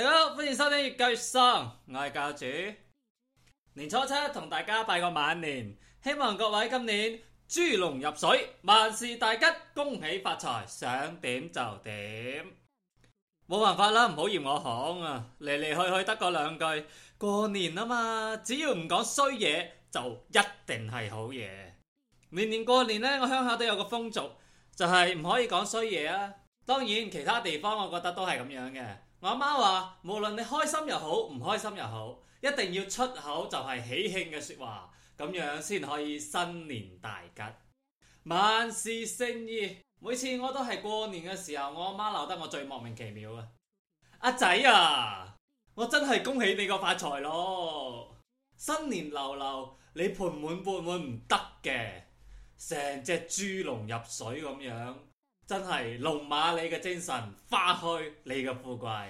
大家好，歡迎收聽粵教粵喪。我係教主，年初七同大家拜個晚年，希望各位今年豬籠入水，萬事大吉，恭喜發財，想點就點。冇辦法啦，唔好嫌我講啊，嚟嚟去去得嗰兩句過年啊嘛，只要唔講衰嘢，就一定係好嘢。年年過年呢，我鄉下都有個風俗，就係唔可以講衰嘢啊。當然，其他地方我覺得都係咁樣嘅。我阿媽話，無論你開心又好，唔開心又好，一定要出口就係喜慶嘅說話，咁樣先可以新年大吉，萬事勝意。每次我都係過年嘅時候，我阿媽鬧得我最莫名其妙啊！阿仔啊，我真係恭喜你個發財咯！新年流流，你盆滿缽滿唔得嘅，成隻豬籠入水咁樣。真係龍馬你嘅精神，花開你嘅富貴。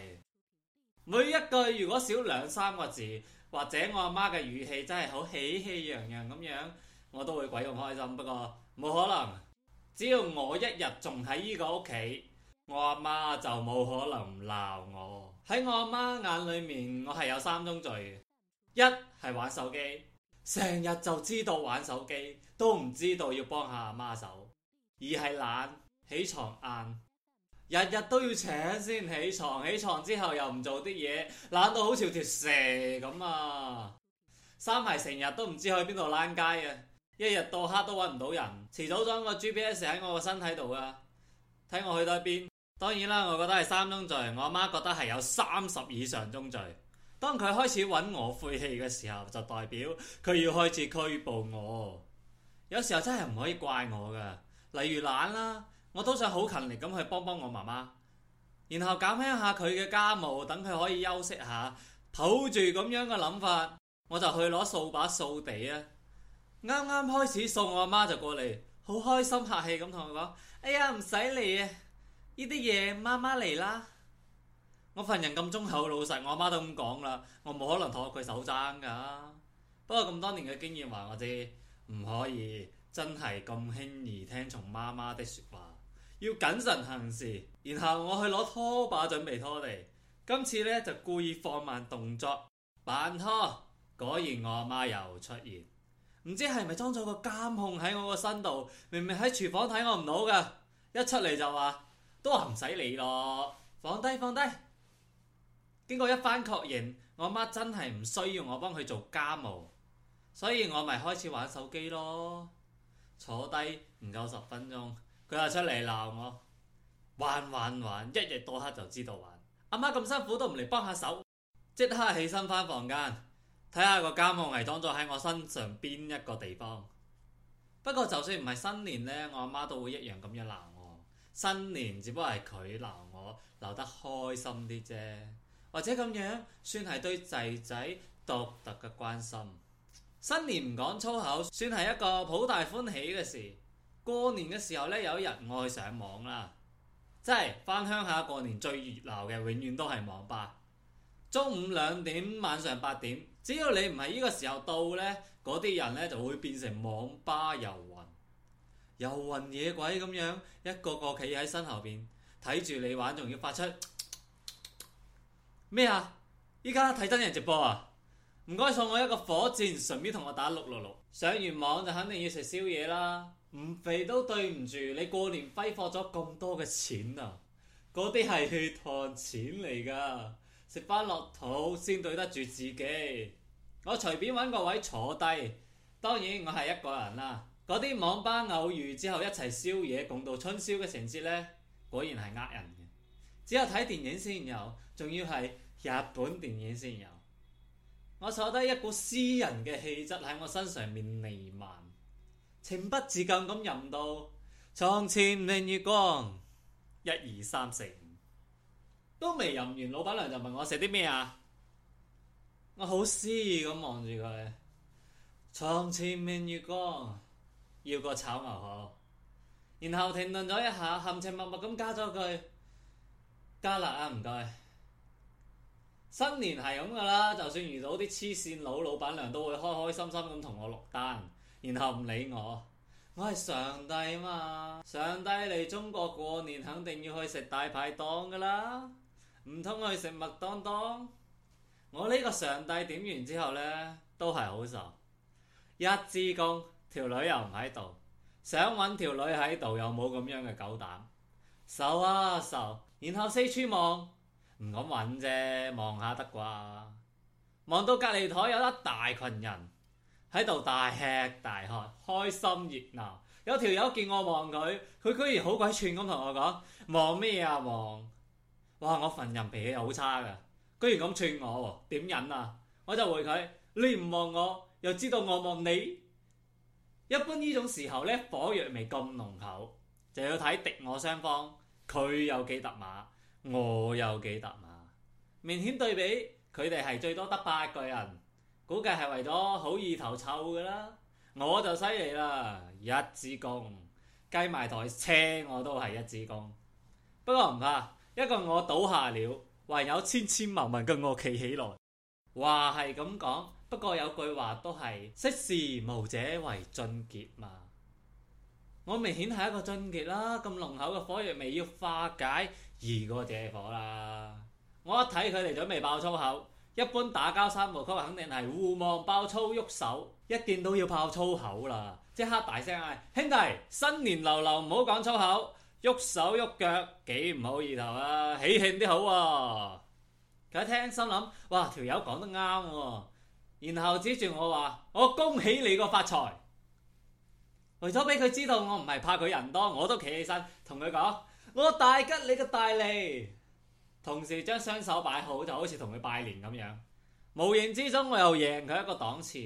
每一句如果少兩三個字，或者我阿媽嘅語氣真係好喜氣洋洋咁樣，我都會鬼咁開心。不過冇可能，只要我一日仲喺依個屋企，我阿媽就冇可能唔鬧我。喺我阿媽眼裏面，我係有三宗罪：一係玩手機，成日就知道玩手機，都唔知道要幫下阿媽手；二係懶。起床晏，日日都要請先起床。起床之後又唔做啲嘢，懶到好似條蛇咁啊！三係成日都唔知去邊度躝街啊，一日到黑都搵唔到人。遲早裝個 G P S 喺我個身體度啊，睇我去到邊。當然啦，我覺得係三宗罪，我阿媽覺得係有三十以上宗罪。當佢開始搵我晦氣嘅時候，就代表佢要開始拘捕我。有時候真係唔可以怪我噶，例如懶啦。我都想好勤力咁去幫幫我媽媽，然後減輕下佢嘅家務，等佢可以休息下。抱住咁樣嘅諗法，我就去攞掃把掃地啊。啱啱開始掃，我阿媽就過嚟，好開心客氣咁同佢講：哎呀，唔使你啊，呢啲嘢媽媽嚟啦。我份人咁忠厚老實，我阿媽都咁講啦，我冇可能托佢手踭噶。不過咁多年嘅經驗話，我知唔可以真係咁輕易聽從媽媽的說話。要謹慎行事，然後我去攞拖把準備拖地。今次呢，就故意放慢動作扮拖，果然我阿媽又出現。唔知係咪裝咗個監控喺我個身度，明明喺廚房睇我唔到㗎，一出嚟就話都話唔使理咯，放低放低。經過一番確認，我阿媽真係唔需要我幫佢做家務，所以我咪開始玩手機咯。坐低唔夠十分鐘。佢話出嚟鬧我玩玩玩，一日到黑就知道玩。阿媽咁辛苦都唔嚟幫下手，即刻起身翻房間睇下個監控係當咗喺我身上邊一個地方。不過就算唔係新年呢，我阿媽,媽都會一樣咁樣鬧我。新年只不過係佢鬧我鬧得開心啲啫，或者咁樣算係對仔仔獨特嘅關心。新年唔講粗口，算係一個好大歡喜嘅事。過年嘅時候呢，有一日我去上網啦，即係翻鄉下過年最熱鬧嘅，永遠都係網吧。中午兩點，晚上八點，只要你唔係呢個時候到呢，嗰啲人呢就會變成網吧遊魂、遊魂野鬼咁樣，一個個企喺身後邊睇住你玩，仲要發出咩啊？依家睇真人直播啊！唔該送我一個火箭，順便同我打六六六。上完網就肯定要食宵夜啦。唔肥都對唔住，你過年揮霍咗咁多嘅錢啊！嗰啲係去燙錢嚟噶，食翻落肚先對得住自己。我隨便揾個位坐低，當然我係一個人啦、啊。嗰啲網吧偶遇之後一齊宵夜共度春宵嘅情節呢，果然係呃人嘅。只有睇電影先有，仲要係日本電影先有。我坐低一股私人嘅氣質喺我身上面彌漫。情不自禁咁吟到床前明月光，一二三四五都未吟完，老闆娘就問我食啲咩啊？我好詩意咁望住佢，床前明月光要個炒牛河，然後停頓咗一下，含情脈脈咁加咗句加辣啊唔該。新年係咁㗎啦，就算遇到啲黐線佬，老闆娘都會開開心心咁同我落單。然後唔理我，我係上帝啊嘛！上帝嚟中國過年肯定要去食大排檔噶啦，唔通去食麥當當？我呢個上帝點完之後呢，都係好愁，一支公，條女又唔喺度，想搵條女喺度又冇咁樣嘅狗膽，愁啊愁！然後四處望，唔敢搵啫，望下得啩，望到隔籬台有得大群人。喺度大吃大喝，開心熱鬧。有條友見我望佢，佢居然好鬼串咁同我講：望咩啊望？哇！我份人脾氣好差噶，居然咁串我，點忍啊？我就回佢：你唔望我，又知道我望你。一般呢種時候呢，火藥味咁濃厚，就要睇敵我雙方，佢有幾特馬，我有幾特馬。明顯對比，佢哋係最多得八個人。估計係為咗好意頭臭噶啦，我就犀利啦，一支公，計埋台車我都係一支公。不過唔怕，一個我倒下了，還有千千萬萬嘅我企起來。話係咁講，不過有句話都係，識時務者為俊傑嘛。我明顯係一個俊傑啦，咁濃厚嘅火藥味要化解，易過借火啦。我一睇佢哋準備爆粗口。一般打交三部曲肯定係互望爆粗喐手，一見到要爆粗口啦，即刻大聲嗌：兄弟，新年流流，唔好講粗口，喐手喐腳幾唔好意頭啊！喜慶啲好啊。佢一聽心諗：哇，條友講得啱喎。然後指住我話：我恭喜你個發財。為咗俾佢知道我唔係怕佢人多，我都企起身同佢講：我大吉你個大利。同時將雙手擺好，就好似同佢拜年咁樣。無形之中我又贏佢一個檔次，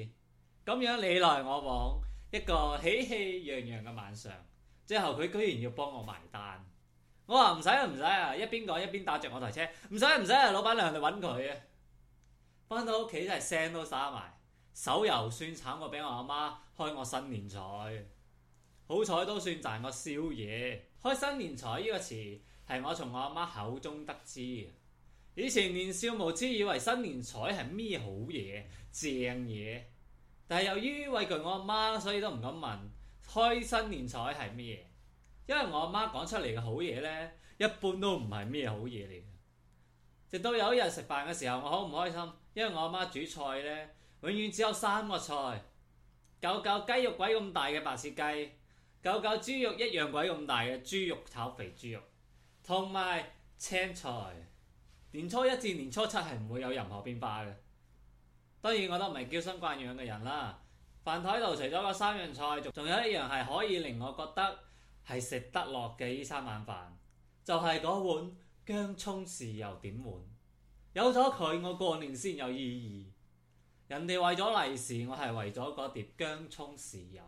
咁樣你來我往，一個喜氣洋洋嘅晚上。最後佢居然要幫我埋單，我話唔使啊唔使啊，一邊講一邊打着我台車，唔使唔使啊，老闆娘你揾佢啊。返到屋企真係聲都沙埋，手又酸慘過俾我阿媽，媽開我新年彩。好彩都算賺我宵夜，開新年彩呢個詞。係我從我阿媽口中得知，以前年少無知，以為新年彩係咩好嘢正嘢，但係由於畏懼我阿媽，所以都唔敢問開新年彩係咩嘢。因為我阿媽講出嚟嘅好嘢呢，一般都唔係咩好嘢嚟。直到有一日食飯嘅時候，我好唔開心，因為我阿媽煮菜呢，永遠只有三個菜：九九雞肉鬼咁大嘅白切雞，九九豬肉一樣鬼咁大嘅豬肉炒肥豬肉。同埋青菜，年初一至年初七係唔會有任何變化嘅。當然，我都唔係嬌生慣養嘅人啦。飯台度除咗嗰三樣菜，仲仲有一樣係可以令我覺得係食得落嘅呢餐晚飯，就係、是、嗰碗薑葱豉油點碗。有咗佢，我過年先有意義。人哋為咗利是，我係為咗嗰碟薑葱豉油。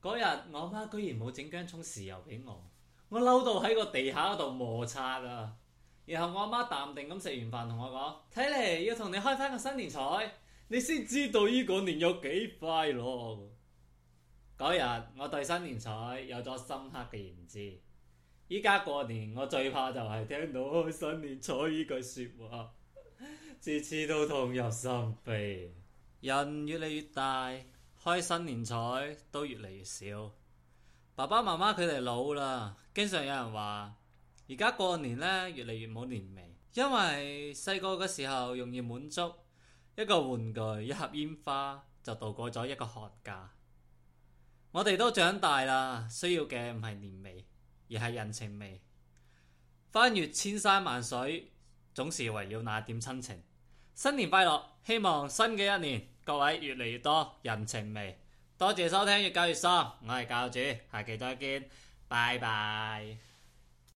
嗰日我媽居然冇整薑葱豉油俾我。我嬲到喺個地下度摩擦啊！然後我阿媽淡定咁食完飯同我講：睇嚟要同你開翻個新年彩，你先知道呢個年有幾快樂。嗰日我對新年彩有咗深刻嘅認知。依家過年我最怕就係聽到開新年彩呢句說話，次次都痛入心扉。人越嚟越大，開新年彩都越嚟越少。爸爸媽媽佢哋老啦，經常有人話：而家過年咧，越嚟越冇年味。因為細個嘅時候容易滿足，一個玩具、一盒煙花就度過咗一個寒假。我哋都長大啦，需要嘅唔係年味，而係人情味。翻越千山萬水，總是為了那點親情。新年快樂！希望新嘅一年，各位越嚟越多人情味。多謝收聽《粵教粵喪》，我係教主，下期再見，拜拜。